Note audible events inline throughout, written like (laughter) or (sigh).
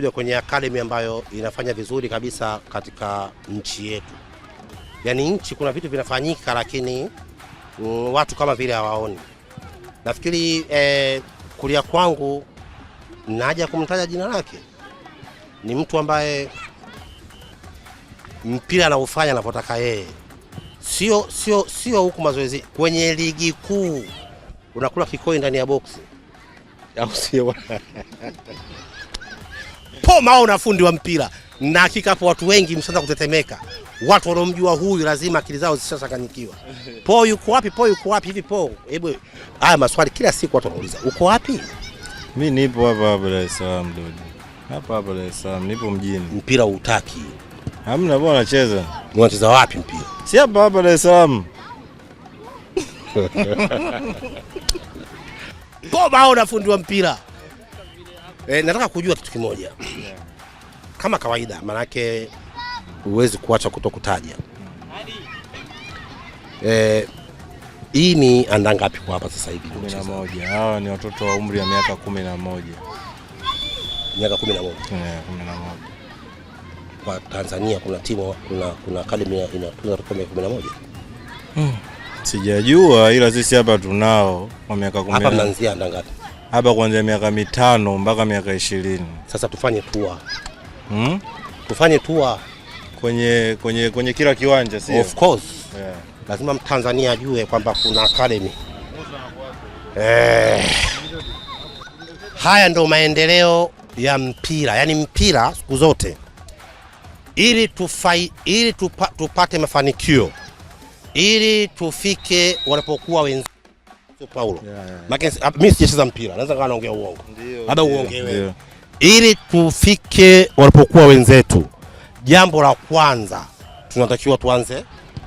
kuja kwenye academy ambayo inafanya vizuri kabisa katika nchi yetu. Yaani nchi kuna vitu vinafanyika, lakini mm, watu kama vile hawaoni. Nafikiri eh, kulia kwangu naja kumtaja jina lake, ni mtu ambaye mpira anaufanya anavyotaka yeye, sio sio sio huku mazoezi. Kwenye ligi kuu unakula kikoi ndani ya boksi, au sio? (laughs) Poma au fundi wa mpira, na hakika hapo watu wengi msaanza kutetemeka. Watu wanaomjua huyu lazima akili zao zishachanganyikiwa. Po yuko wapi? Po yuko wapi? Hivi po, hebu haya maswali kila siku watu wanauliza, uko wapi? Mimi nipo hapa hapa Dar es Salaam, dude. Hapa hapa Dar es Salaam, nipo mjini. Mpira utaki? Hamna bwana, anacheza. Unacheza wapi mpira? Si hapa hapa Dar es Salaam. (laughs) Poma au fundi wa mpira E, nataka kujua kitu kimoja kama kawaida, manake huwezi kuacha kutokutaja. E, hii ni anda ngapi kwa hapa sasa hivi? kumi moja. Hawa ni watoto wa umri wa miaka kumi na moja miaka eh, kumi na moja kwa Tanzania kuna timu kuna, kuna akademi inatunza watoto miaka kumi na moja hmm. Sijajua ila sisi hapa tunao wa miaka kumi Hapa mnaanzia anda ngapi? hapa kuanzia miaka mitano mpaka miaka ishirini. Sasa tufanye tour. Hmm? Tufanye tour kwenye, kwenye, kwenye kila kiwanja sio? Of course. Yeah. Lazima Mtanzania ajue kwamba kuna academy. Eh. Haya ndo maendeleo ya mpira, yaani mpira siku zote ili, tufai, ili tupa, tupate mafanikio ili tufike wanapokuwa wenzi Paulo. Yeah, yeah. Maana mimi sijacheza mpira, naweza kawa naongea uongo. Hata uongee wewe. Ili tufike walipokuwa wenzetu, jambo la kwanza tunatakiwa tuanze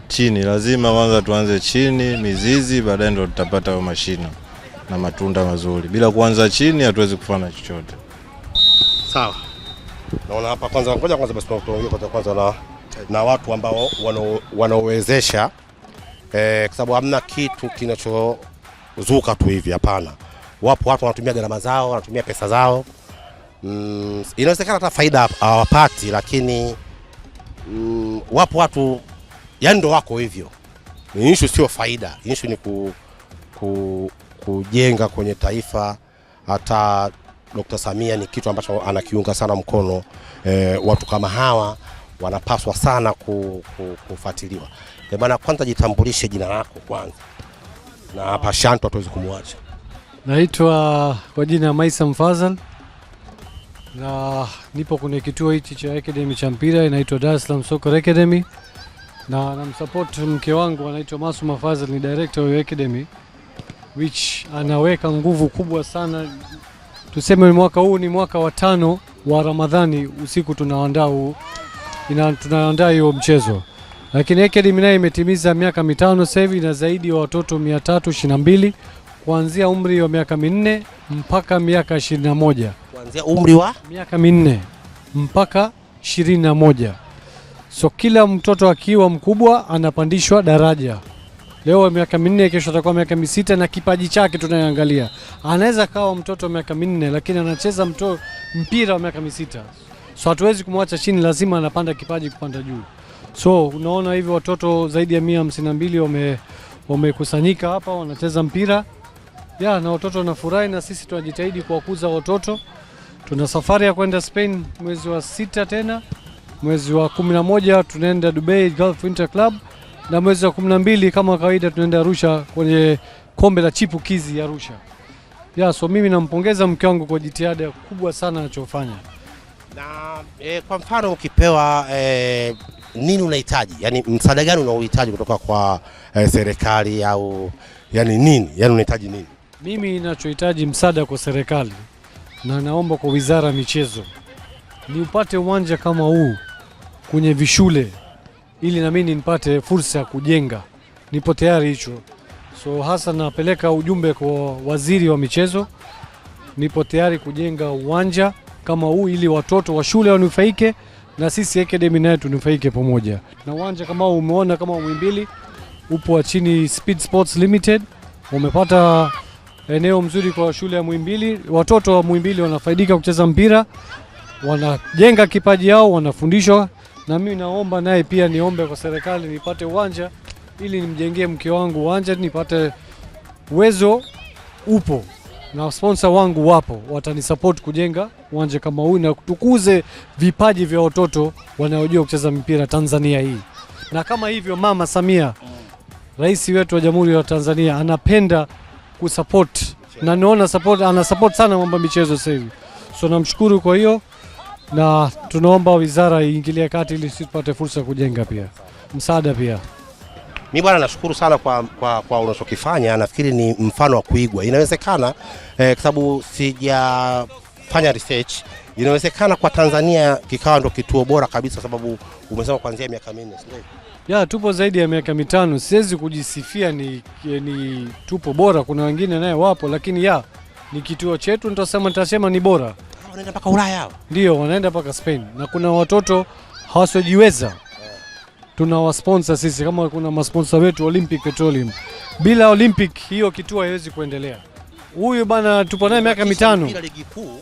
chini. Lazima kwanza tuanze chini, mizizi, baadaye ndio tutapata hayo mashina na matunda mazuri. Bila kuanza chini hatuwezi kufanya chochote. Sawa. Naona hapa kwanza, ngoja kwanza basi tuongee kwanza, kwanza na na watu ambao wanaowezesha eh, kwa sababu hamna kitu kinacho zuka tu hivi, hapana. Wapo watu wanatumia gharama zao, wanatumia pesa zao mm, inawezekana hata faida hawapati, lakini mm, wapo watu yani ndo wako hivyo. Ni issue sio faida, issue ni ku, ku, kujenga kwenye taifa. Hata Dr. Samia ni kitu ambacho anakiunga sana mkono e, watu kama hawa wanapaswa sana ku, ku, kufuatiliwa. Maana kwanza jitambulishe jina lako kwanza na hapa shanto hatuwezi kumwacha. Naitwa kwa jina ya Maisa Mfazal na nipo kwenye kituo hichi cha academy cha mpira inaitwa Dar es Salaam Soccer Academy, na namsupport mke wangu anaitwa Masuma Fazal, ni director wa academy which anaweka nguvu kubwa sana. Tuseme mwaka huu ni mwaka wa tano wa Ramadhani, usiku tunaandaa huu, tunaandaa hiyo mchezo lakini Academy naye imetimiza miaka mitano sasa hivi na zaidi ya watoto 322 kuanzia umri wa miaka minne mpaka miaka 21. Kuanzia umri wa miaka minne mpaka 21. So kila mtoto akiwa mkubwa anapandishwa daraja. Leo miaka minne, kesho atakuwa miaka misita, na kipaji chake tunayoangalia, anaweza kawa mtoto wa miaka minne, lakini anacheza mto mpira wa miaka misita, so hatuwezi kumwacha chini, lazima anapanda kipaji kupanda juu. So unaona hivi watoto zaidi ya mia hamsini na mbili wame wamekusanyika hapa wanacheza mpira ya na watoto wanafurahi, na sisi tunajitahidi kuwakuza watoto. Tuna safari ya kwenda Spain mwezi wa sita, tena mwezi wa kumi na moja tunaenda Dubai Gulf Winter Club, na mwezi wa kumi na mbili kama kawaida tunaenda Arusha kwenye kombe la chipukizi ya Arusha. Ya, so mimi nampongeza mke wangu kwa jitihada kubwa sana anachofanya na eh, kwa mfano ukipewa eh, nini unahitaji, yani msaada gani unaohitaji kutoka kwa eh, serikali au yani nini, yani unahitaji nini? Mimi ninachohitaji msaada kwa serikali na naomba kwa wizara ya michezo ni upate uwanja kama huu kwenye vishule ili na mimi nipate fursa ya kujenga, nipo tayari hicho. So hasa napeleka ujumbe kwa waziri wa michezo, nipo tayari kujenga uwanja kama huu ili watoto wa shule wanufaike na sisi academy naye tunufaike pamoja. Na uwanja kama umeona kama mwimbili upo wa chini Speed Sports Limited, wamepata eneo mzuri kwa shule ya mwimbili Watoto wa mwimbili wanafaidika kucheza mpira, wanajenga kipaji yao, wanafundishwa. Na mimi naomba naye pia niombe kwa serikali nipate uwanja ili nimjengee mke wangu uwanja, nipate uwezo upo na sponsor wangu wapo, watanisupport kujenga uwanja kama huu na tukuze vipaji vya watoto wanaojua kucheza mpira Tanzania hii. Na kama hivyo Mama Samia, rais wetu wa Jamhuri ya Tanzania, anapenda kusupport na naona support, ana support sana mambo michezo sasa hivi, so namshukuru kwa hiyo, na tunaomba wizara iingilie kati ili sisi tupate fursa ya kujenga pia msaada pia. Mi bwana, nashukuru sana kwa, kwa, kwa unachokifanya. Nafikiri ni mfano wa kuigwa, inawezekana eh, kwa sababu sijafanya research inawezekana kwa Tanzania kikawa ndo kituo bora kabisa, kwa sababu umesema kuanzia miaka minne, si ndio? Ya, tupo zaidi ya miaka mitano. Siwezi kujisifia ni, ni tupo bora, kuna wengine naye wapo, lakini ya ni kituo chetu, nitasema nitasema ni bora. Wanaenda mpaka Ulaya ndio wanaenda mpaka Spain, na kuna watoto hawasiojiweza tuna wasponsa sisi, kama kuna masponsa wetu Olympic Petroleum. Bila Olympic hiyo kituo haiwezi kuendelea. Huyu bana tupo naye miaka mitano ligi kuu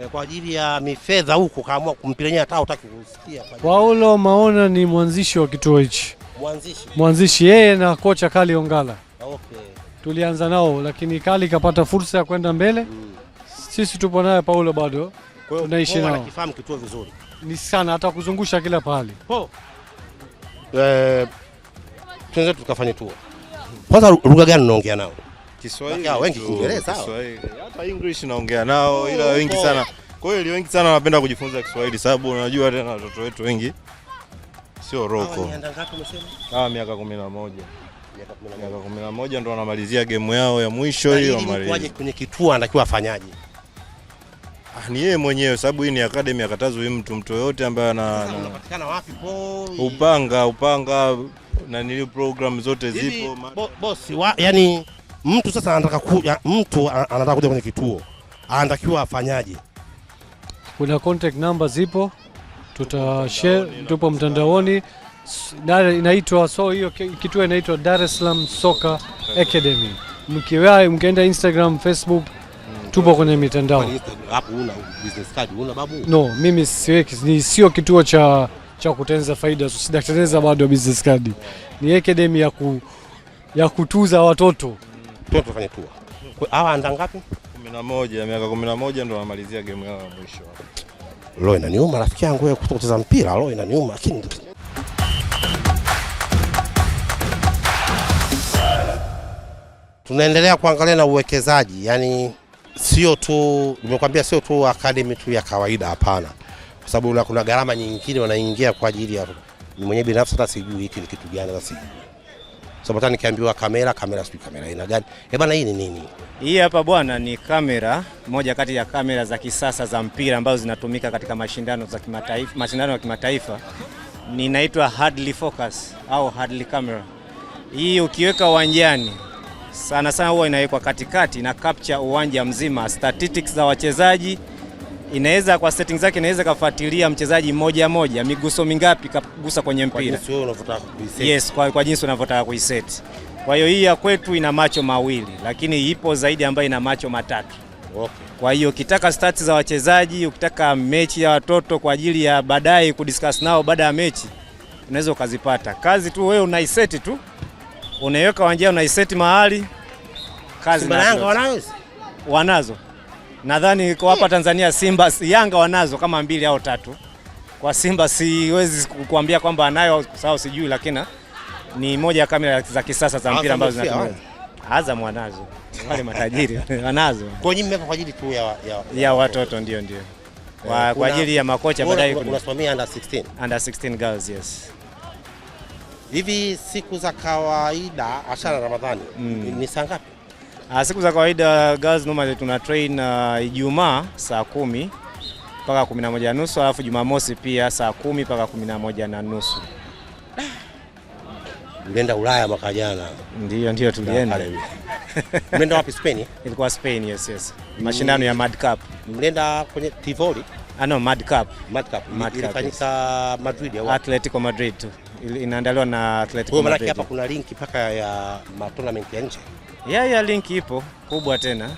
eh, kwa ajili ya mifedha huko, kaamua kumpilenia hata hutaki kusikia. Paulo Maona ni mwanzishi wa kituo hichi, mwanzishi mwanzishi yeye na kocha Kali Ongala. Okay. Tulianza nao lakini Kali kapata fursa ya kwenda mbele mm. Sisi tupo naye Paulo bado tunaishi nao, anakifahamu kituo vizuri, ni sana hata kuzungusha kila pahali po eh, tunaweza tukafanya tour. Kwanza lugha gani unaongea nao? Kiswahili. Wengi Kiingereza. Kiswahili. Hata English naongea nao oh, ila wengi sana. Kwa hiyo ile wengi sana wanapenda kujifunza Kiswahili sababu unajua tena watoto wetu wengi sio roko. Ah, miaka 11. Miaka 11 ndo wanamalizia game yao ya mwisho hiyo. Kwaje Kwenye kituo anatakiwa afanyaje? Ah, ni yeye mwenyewe sababu hii ni academy akatazwi mtu mtu yote ambaye ana unapatikana wapi po? Upanga upanga na nili program zote zipo bo, bosi yani mtu sasa anataka kuja mtu anataka kuja kwenye kituo anatakiwa afanyaje? Kuna contact number zipo, tuta share, tupo mtandaoni inaitwa so hiyo kituo inaitwa Dar es Salaam Soccer Academy. Mkiwahi mkienda Instagram, Facebook tupo kwenye mitandao. Hapo una business card, una babu? No, mimi siweki, ni sio kituo cha cha kutengeneza faida, sidatengeneza bado business card. Ni academy ya ku ya kutuza watoto. Watoto fanya tour. Hawa anda ngapi? 11, miaka 11 ndo wanamalizia game yao ya mwisho. Leo inaniuma rafiki yangu wewe kucheza mpira, leo inaniuma lakini tunaendelea kuangalia na uwekezaji yani sio tu nimekwambia, sio tu academy tu ya kawaida, hapana, kwa sababu kuna gharama nyingine wanaingia kwa ajili ya mwenyewe binafsi. Hata sijui hiki ni kitu gani, hata sijui sababu hata nikiambiwa kamera kamera, sijui kamera ina gani? Eh bana, hii ni nini? Hii hapa bwana ni kamera moja kati ya kamera za kisasa za mpira ambazo zinatumika katika mashindano za kimataifa, mashindano ya kimataifa. Ninaitwa Hadley Focus au Hadley Camera. Hii ukiweka uwanjani sana sana huwa inawekwa katikati na capture uwanja mzima, statistics za wachezaji inaweza kwa setting zake inaweza kafuatilia mchezaji mmoja mmoja, miguso mingapi kagusa kwenye mpira kwa yes, kwa, kwa jinsi unavyotaka kuiseti. Kwa hiyo hii ya kwetu ina macho mawili, lakini ipo zaidi ambayo ina macho matatu. Okay. Kwa hiyo ukitaka stats za wachezaji, ukitaka mechi ya watoto kwa ajili ya baadaye kudiscuss nao baada ya mechi, unaweza ukazipata. Kazi tu wewe unaiseti tu unaiweka wanjia, unaiseti mahali kazi na wanazo nadhani kwa hapa hmm. Tanzania Simba Yanga wanazo kama mbili au tatu. Kwa Simba siwezi kukuambia kwamba anayo sawa, sijui, lakini ni moja ya kamera za kisasa za mpira ambazo zinatumia. Azam wanazo wale matajiri (laughs) wanazo, kwa nyinyi mmeweka kwa ajili tu ya, ya, ya watoto, ndio ndio, kwa eh, ajili ya makocha baadaye. Unasimamia under 16 under 16 girls, yes. Hivi siku za kawaida Ashara Ramadhani mm. ni saa ngapi? Uh, siku za kawaida girls normally tuna train uh, Ijumaa saa kumi mpaka kumi na moja na nusu alafu Jumamosi pia saa kumi mpaka kumi na moja na nusu. Mlienda ah. Ulaya mwaka jana? Ndio, ndio tulienda. Mlienda wapi? Spain? Ilikuwa Spain, yes, yes. Mm. Mashindano ya Mad Cup. Mlienda kwenye Tivoli? Ah, no, Mad Cup. Mad Cup. Mad Cup. Ilifanyika yes. Madrid ya au Atletico Madrid tu. Inaandaliwa na Atletico Madrid. Kwa maana hapa kuna link paka ya ma tournament ya nje. Yeah, yeah, link ipo kubwa tena.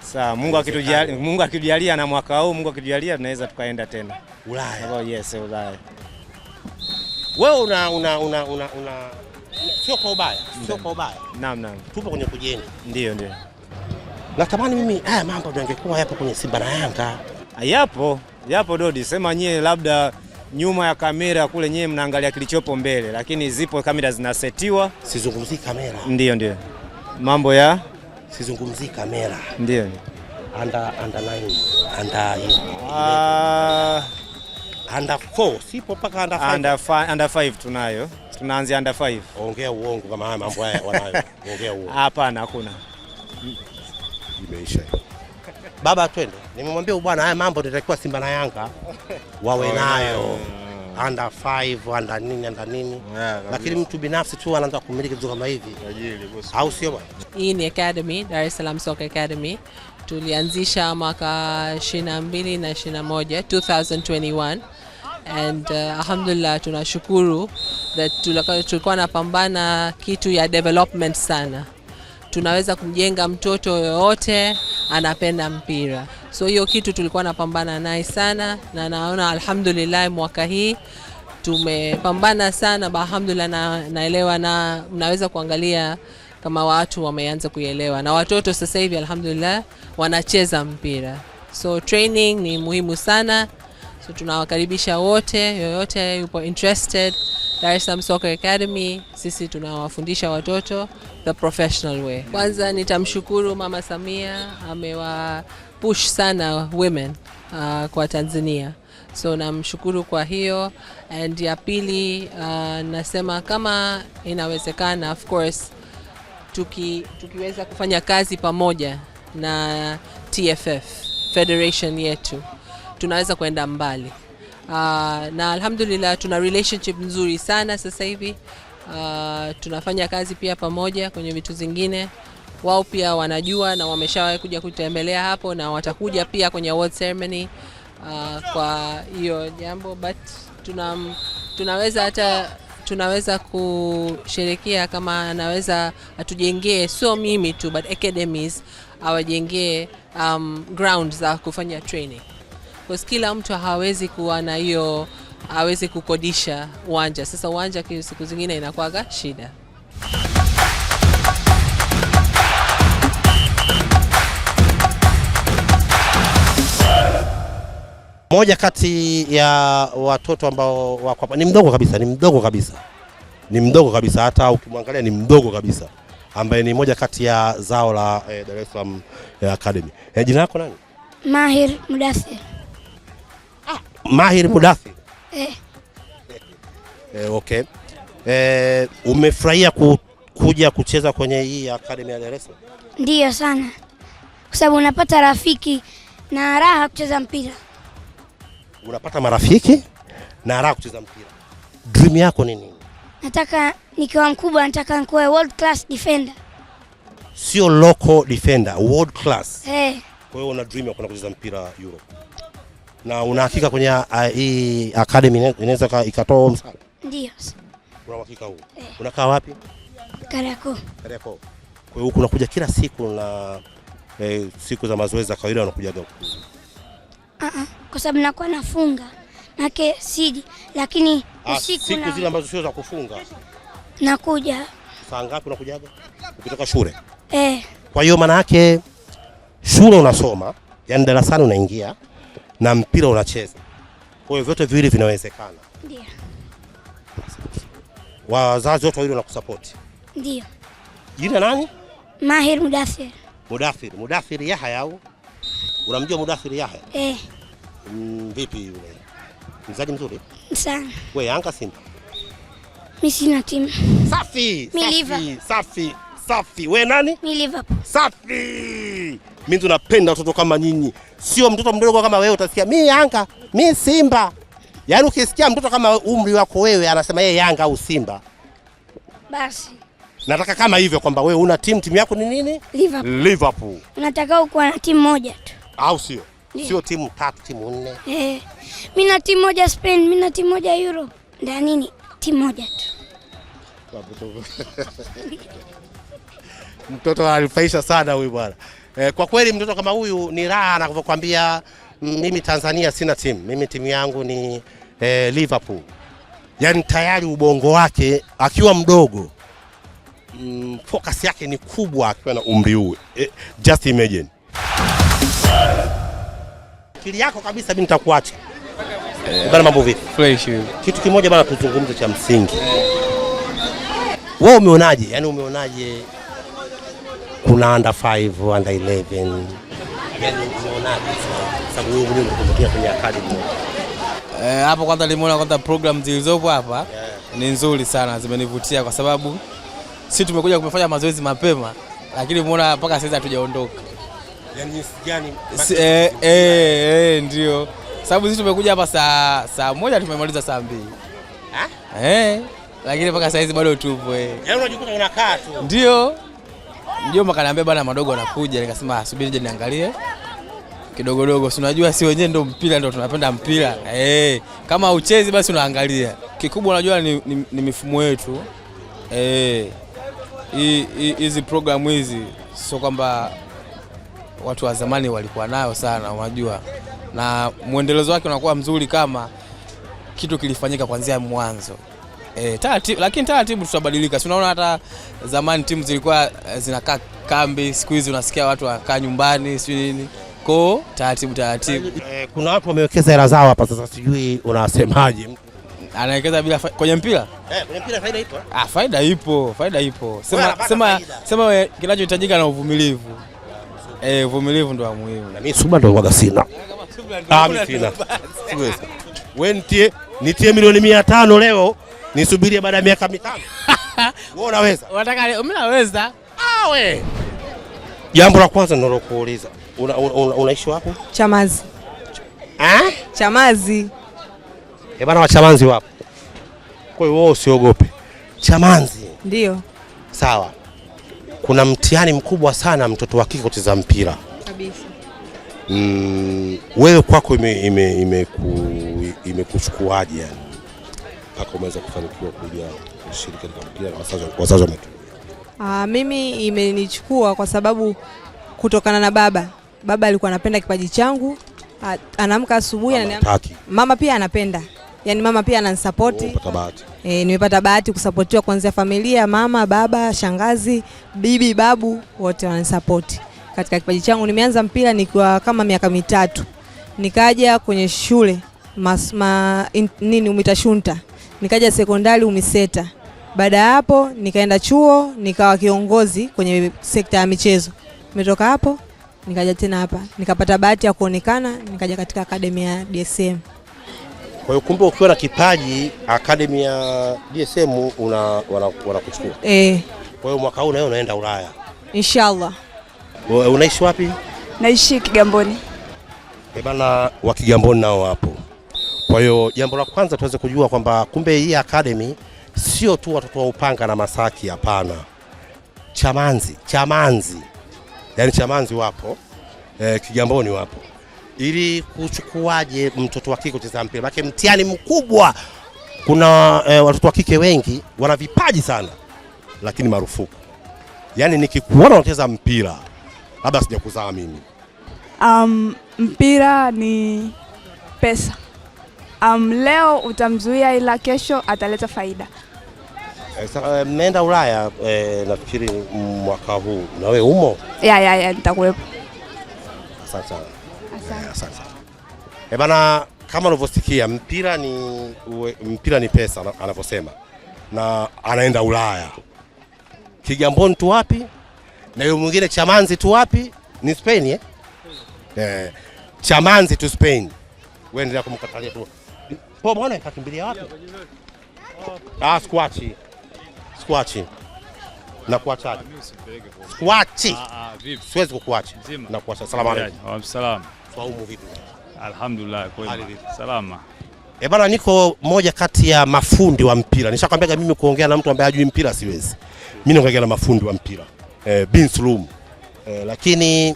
Sawa, Mungu akitujalia, Mungu akijalia na mwaka huu Mungu akijalia tunaweza tukaenda tena. Ulaya. Oh yes, Ulaya. Wewe una una una una, una... sio kwa ubaya, sio kwa ubaya. Naam, naam. Tupo kwenye kujenga. Ndio, ndio. Natamani mimi haya mambo yangekuwa yapo kwenye Simba na Yanga. Ah, yapo, yapo Dodi, sema nyie labda nyuma ya kamera kule nyewe mnaangalia kilichopo mbele, lakini zipo kamera zinasetiwa. Sizungumzi kamera. Ndio, ndio mambo ya sizungumzi kamera. Ndio anda anda nine anda ah anda 4 sipo paka anda 5 anda 5 anda 5 tunayo, tunaanzia anda 5. Ongea uongo kama haya mambo haya wanayo. (laughs) Ongea uongo. Hapana, hakuna, imeisha baba, twende. Nimemwambia bwana, haya mambo nitakiwa Simba na Yanga (laughs) wawe nayo anda 5 anda nini anda nini yeah, lakini mtu binafsi tu anaanza kumiliki vitu kama hivi, au sio bwana? Hii ni academy Dar es Salaam Soccer Academy tulianzisha mwaka 22 na 21 2021 and uh, alhamdulillah tunashukuru that tulikuwa napambana kitu ya development sana tunaweza kumjenga mtoto yoyote anapenda mpira. So hiyo kitu tulikuwa napambana naye sana, na naona alhamdulillah mwaka hii tumepambana sana alhamdulillah, na naelewa na mnaweza kuangalia kama watu wameanza kuelewa na watoto sasa hivi alhamdulillah wanacheza mpira, so training ni muhimu sana. So tunawakaribisha wote, yoyote yupo interested Dar es Salaam Soccer Academy sisi tunawafundisha watoto the professional way. Kwanza nitamshukuru Mama Samia amewa push sana women uh, kwa Tanzania so namshukuru kwa hiyo. And ya pili uh, nasema kama inawezekana, of course tuki, tukiweza kufanya kazi pamoja na TFF Federation yetu tunaweza kwenda mbali. Uh, na alhamdulillah tuna relationship nzuri sana sasa hivi. Uh, tunafanya kazi pia pamoja kwenye vitu zingine. Wao pia wanajua na wameshawahi kuja kutembelea hapo na watakuja pia kwenye award ceremony. Uh, kwa hiyo jambo but tuna, tunaweza hata tunaweza kusherekea kama anaweza atujengee, sio mimi tu but academies awajengee um, ground za kufanya training. Because kila mtu hawezi kuwa na hiyo, hawezi kukodisha uwanja. Sasa uwanja siku zingine inakuwaga shida. Moja kati ya watoto ambao wako hapa ni mdogo kabisa, ni mdogo kabisa, ni mdogo kabisa, hata ukimwangalia ni mdogo kabisa, ambaye ni moja kati ya zao la eh, Dar es Salaam eh, Academy. Eh, jina lako nani? Mahir Mudathir. Mahir Mudathi eh. Eh, okay. Eh, umefurahia ku, kuja kucheza kwenye hii academy ya Dar es Salaam? Ndiyo sana, kwa sababu unapata rafiki na raha kucheza mpira. Unapata marafiki na raha kucheza mpira. Dream yako ni nini? Nataka nikiwa mkubwa, nataka nikuwe world class defender, sio local defender, world class. Eh. Kwa hiyo una dream ya kwenda kucheza mpira Europe? Na unahakika kwenye ah, hii academy inaweza ikatoa msaada? Ndio. Una uhakika huo? Eh. Unakaa wapi? Kariakoo. Kariakoo. Kwa hiyo unakuja kila siku na eh, siku za mazoezi za kawaida unakuja huku? uh ah, kwa sababu nakuwa nafunga. Nake siji, lakini ah, usiku siku zile ambazo sio za kufunga. Nakuja. Saa ngapi unakujaga? Ukitoka shule? Eh. Kwa hiyo maana yake shule unasoma, yani darasani unaingia na mpira unacheza, kwa hiyo vyote viwili vinawezekana. Ndio. Wazazi wote wawili wanakusapoti. Ndio. Jina nani? Mahir Mudathir. Mudathir, Mudathir Yahya au? Unamjua Mudathir Yahya? Eh. Mm, vipi yule? Mzaji mzuri? Sana. Wewe Yanga Simba? Mimi sina timu. Safi. Safi. Safi. Safi. We nani? Mimi Liverpool. Safi. Mimi tunapenda watoto kama nyinyi, sio mtoto mdogo kama wewe. Utasikia mimi Yanga, mimi Simba. Yaani ukisikia mtoto kama umri wako wewe anasema yeye Yanga au Simba, basi nataka kama hivyo kwamba wewe una timu, timu yako ni nini? Liverpool. Liverpool. Nataka ukuwa na timu moja tu, au sio? Sio timu tatu, timu nne. Eh. Mimi na timu moja Spain, mimi na timu moja Euro. Ndio nini? Timu moja tu. (laughs) Mtoto alifaisha sana huyu bwana. E, kwa kweli mtoto kama huyu ni raha anavyokwambia. Mm, mimi Tanzania sina timu, mimi timu yangu ni e, Liverpool. Yani tayari ubongo wake akiwa mdogo mm, focus yake ni kubwa akiwa na umri huu e, just imagine akili yako kabisa, mimi nitakuacha bana. Mambo vipi? Fresh. Kitu kimoja bana, tuzungumze cha msingi. Wewe umeonaje? Yani umeonaje kuna under 5, under 11 eh, hapo. Kwanza limeona kwanza program zilizopo hapa yeah, ni nzuri sana, zimenivutia kwa sababu si tumekuja kumefanya mazoezi mapema, lakini umeona mpaka sasa hatujaondoka. Yani gani? Eh, eh, eh, ndio sababu sisi tumekuja hapa saa saa moja tumemaliza saa mbili eh, lakini mpaka hizi bado tupo eh. Yaani unakaa tu. Ndio mjomba kaniambia bwana madogo anakuja, nikasema ah, subiri nje niangalie kidogodogo, si unajua, si wenyewe ndo mpira ndo tunapenda mpira hey, eh, kama uchezi basi unaangalia. Kikubwa unajua ni, ni, ni mifumo yetu eh, hizi hey, programu hizi sio kwamba watu wa zamani walikuwa nayo sana, unajua, na mwendelezo wake unakuwa mzuri kama kitu kilifanyika kuanzia mwanzo. E, eh, taratibu, lakini taratibu tutabadilika. Si unaona hata zamani timu zilikuwa eh, zinakaa kambi, siku hizi unasikia watu wakaa nyumbani, si nini ko taratibu taratibu. E, kuna watu wamewekeza hela zao hapa sasa, sijui unasemaje? Anawekeza bila kwenye mpira eh, kwenye mpira faida ipo. Ah, faida ipo, faida ipo. Sema Wea, sema sema kinachohitajika na uvumilivu eh, uvumilivu ndo muhimu. Na mimi suba ndo waga sina. Ah, ah mimi sina. Siwezi. Wewe nitie, nitie milioni 500 leo nisubirie baada ya miaka mitano? (laughs) Wewe unaweza? Unataka mimi naweza. Ah we. Jambo la kwanza nilokuuliza unaishi wapi? Chamazi. Ah? Chamazi. Eh, bana wa Chamazi wapo. Kwa hiyo wewe usiogope. Chamazi. Ndio. Sawa. Kuna mtihani mkubwa sana mtoto wa kike kucheza mpira. Kabisa. Mm, wewe kwako imekuchukuaje ime, ime, ime yani? mpaka umeweza kufanikiwa kuja kushiriki katika mpira na wazazi Ah, Mimi imenichukua kwa sababu kutokana na baba, baba alikuwa anapenda kipaji changu, anaamka asubuhi, mama pia anapenda yani mama pia ananisapoti. Oh, e, eh, nimepata bahati kusapotiwa kuanzia familia, mama, baba, shangazi, bibi, babu, wote wananisapoti katika kipaji changu. Nimeanza mpira nikiwa kama miaka mitatu, nikaja kwenye shule mas, ma, in, nini umita shunta nikaja sekondari UMISETA. Baada ya hapo nikaenda chuo nikawa kiongozi kwenye sekta ya michezo. Nimetoka hapo nikaja tena hapa nikapata bahati ya kuonekana nikaja katika akademi ya DSM. Kwa hiyo kumbe ukiwa na kipaji akademi ya DSM una wanakuchukua. Eh. Kwa hiyo mwaka huu nawe unaenda Ulaya. Inshallah. Unaishi wapi? Naishi Kigamboni. Eh, bana wa Kigamboni nao hapo. Kwa hiyo jambo la kwanza tuweze kujua kwamba kumbe hii academy sio tu watoto wa Upanga na Masaki, hapana. Chamanzi, Chamanzi yaani Chamanzi wapo eh, Kigamboni wapo ili kuchukuaje mtoto wa kike kucheza mpira, maana mtihani mkubwa. Kuna eh, watoto wa kike wengi wana vipaji sana, lakini marufuku. Yaani nikikuona unacheza mpira labda sijakuzaa mimi. Um, mpira ni pesa um, leo utamzuia, ila kesho ataleta faida. Eh, eh, mmeenda e, Ulaya e, nafikiri mwaka huu na wewe umo? ya ya ya, nitakuwepo. Asante sana. Asante E bana, kama unavyosikia mpira ni uwe, mpira ni pesa anavyosema, na anaenda Ulaya. Kigamboni tu wapi na yule mwingine Chamanzi tu wapi? Ni Spain eh? Eh, Chamanzi tu Spain. Wewe endelea kumkatalia tu. Po mwana ikakimbilia wapi? Ah, squachi. Squachi. Na kuachaje? Squachi. Siwezi kukuacha. Na kuacha. Salamu alaykum. Wa salaam. Saumu vipi? Alhamdulillah, kwa salama. Eh, bana niko moja kati ya mafundi wa mpira. Nishakwambia mimi kuongea na mtu ambaye hajui mpira siwezi. Mimi naongea na mafundi wa mpira. Eh, bin Sulum. Eh, lakini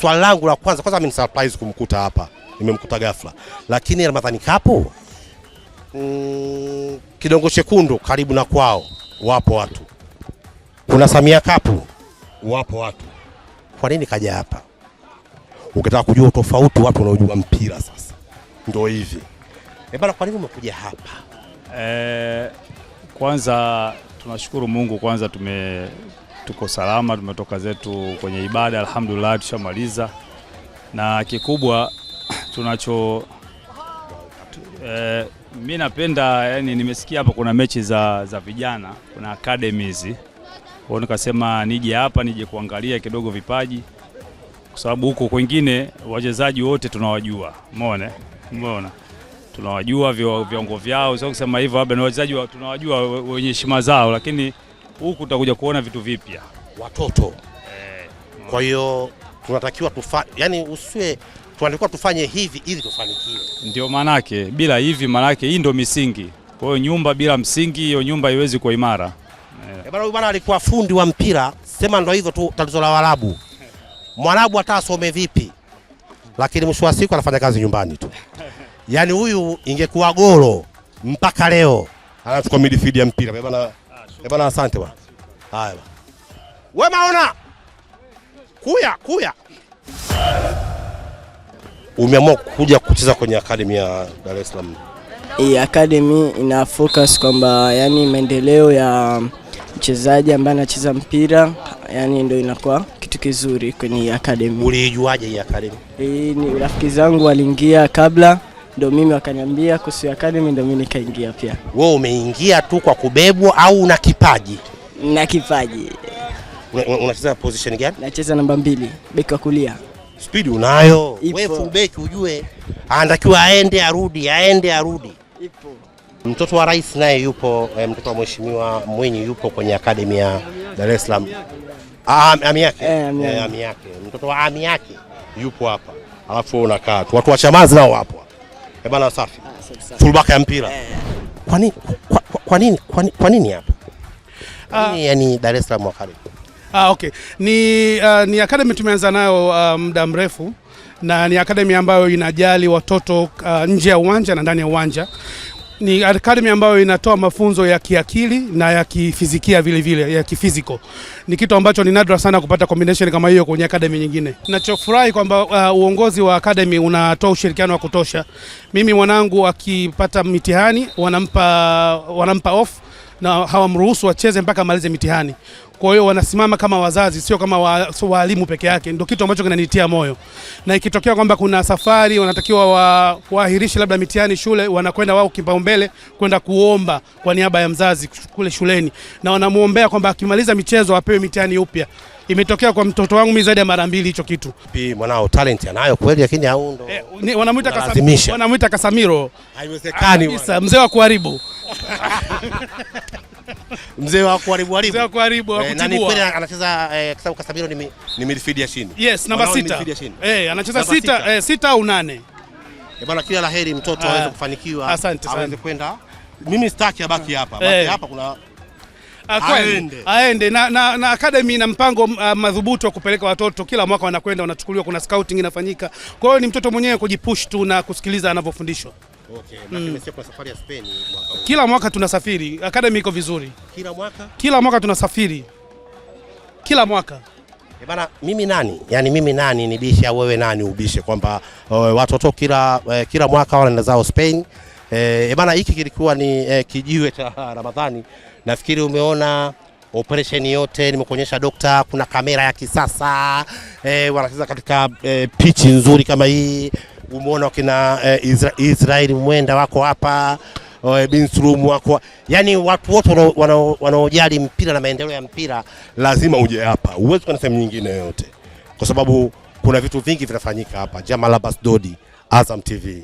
swali langu la kwanza kwanza mimi ni surprise kumkuta hapa. Nimemkuta ghafla. Lakini Ramadhani Kapo mm, Kidongo Chekundu karibu na kwao wapo watu, kuna Samia Kapu wapo watu. Kwa nini kaja hapa? Ukitaka kujua tofauti watu wanaojua mpira sasa ndio hivi. E bana, kwa nini umekuja hapa? E, kwanza tunashukuru Mungu kwanza tume tuko salama, tumetoka zetu kwenye ibada alhamdulillah, tushamaliza na kikubwa tunacho e, mimi napenda yani, nimesikia hapa kuna mechi za, za vijana kuna academy hizi kwao, nikasema nije hapa nije kuangalia kidogo vipaji, kwa sababu huko kwingine wachezaji wote tunawajua, umeona umeona, tunawajua viwango vyao, sio kusema hivyo, labda ni wachezaji tunawajua wenye heshima zao, lakini huku utakuja kuona vitu vipya, watoto eh. Kwa hiyo tunatakiwa tufa, yani usiwe tunatakiwa tufanye hivi ili tufanikiwe. Ndio maanake, bila hivi maanake hii ndio misingi. Kwa hiyo nyumba bila msingi, hiyo nyumba haiwezi kuwa imara. Eh, bwana huyu bwana alikuwa fundi wa mpira, sema ndio hivyo tu, tatizo la Waarabu. Mwarabu hata asome vipi, lakini mwisho wa siku anafanya kazi nyumbani tu. Yaani huyu ingekuwa golo mpaka leo anachukua midfield ya mpira. Eh, bwana eh, bwana, asante bwana. Haya. bwana, Wewe maona kuya kuya umeamua kuja kucheza kwenye akademi ya Dar es Salaam? Hii akademi ina focus kwamba yani maendeleo ya mchezaji ambaye anacheza mpira yani ndio inakuwa kitu kizuri kwenye akademi. Uliijuaje hii akademi? Hii ni rafiki zangu waliingia kabla ndio mimi wakaniambia kuhusu academy, ndio mimi nikaingia pia. Wewe umeingia tu kwa kubebwa au una kipaji? Na kipaji. Unacheza una position gani? Nacheza namba mbili, beki wa kulia. Spidi unayo wewe, fullback ujue anatakiwa aende arudi, aende arudi. Ipo. Mtoto wa rais naye yupo, eh, mtoto wa mheshimiwa Mwinyi yupo kwenye akademi ya Dar es Salaam. Ah, ah, ami eh, eh, yake ami yake, mtoto wa ami yake yupo hapa, alafu unakaa tu watu wa Chamazi nao wapo Eh bana, ah, safi fullback ya mpira. Kwa nini kwa nini kwa nini hapa? yani Dar es Salaam wakaribu Ah, okay. Ni, uh, ni academy tumeanza nayo uh, muda mrefu na ni academy ambayo inajali watoto uh, nje ya uwanja na ndani ya uwanja. Ni academy ambayo inatoa mafunzo ya kiakili na ya kifizikia vile vile, ya kifiziko. Ni kitu ambacho ni nadra sana kupata combination kama hiyo kwenye academy nyingine. Ninachofurahi kwamba uh, uongozi wa academy unatoa ushirikiano wa kutosha. Mimi mwanangu akipata mitihani wanampa, wanampa off na hawamruhusu wacheze mpaka amalize mitihani. Kwa hiyo wanasimama kama wazazi, sio kama wa, so waalimu peke yake. Ndio kitu ambacho kinanitia moyo, na ikitokea kwamba kuna safari wanatakiwa waahirishe labda mitihani shule, wanakwenda wao kipaumbele kwenda kuomba kwa niaba ya mzazi kule shuleni, na wanamwombea kwamba akimaliza michezo apewe mitihani upya. Imetokea kwa mtoto wangu mimi zaidi ya mara mbili hicho kitu. Mwanao talent anayo kweli, lakini au ndo eh, wanamuita Kasamiro, wanamuita Kasamiro. Haiwezekani kabisa, mzee wa kuharibu (laughs) mzee wa kuharibu haribu. Mzee wa kuharibu wa kutibua. Eh, na ni kweli anacheza eh, kwa sababu Casemiro ni ni midfield ya chini. Yes, namba eh, sita. Eh, anacheza 6 sita au nane. Eh, bwana kila laheri mtoto aweze ah, kufanikiwa, Asante aweze kwenda. Mimi sitaki abaki hapa. Baki hapa kuna ah, Aende, aende na, na, na academy na mpango uh, ah, madhubuti wa kupeleka watoto kila mwaka, wanakwenda wanachukuliwa, kuna scouting inafanyika. Kwa hiyo ni mtoto mwenyewe kujipush tu na kusikiliza anavyofundishwa. Okay, mm. mwaka Kila mwaka tunasafiri, academy iko vizuri. Kila mwaka? Kila mwaka tunasafiri. Kila mwaka. E bana, mimi nani? Yaani mimi nani nibishe au wewe nani ubishe kwamba eh, watoto kila eh, kila mwaka wanaenda zao Spain. E bana, hiki kilikuwa ni e, kijiwe cha (laughs) Ramadhani. Nafikiri umeona operation yote nimekuonyesha dokta, kuna kamera ya kisasa e, wanacheza katika e, pichi nzuri kama hii umeona kina eh, Isra Israeli mwenda wako hapa eh, oh, wako, yani watu wote wanaojali mpira na maendeleo ya mpira lazima uje hapa, huwezi kwenda sehemu nyingine yoyote, kwa sababu kuna vitu vingi vinafanyika hapa. Jamal Abbas Dodi, Azam TV.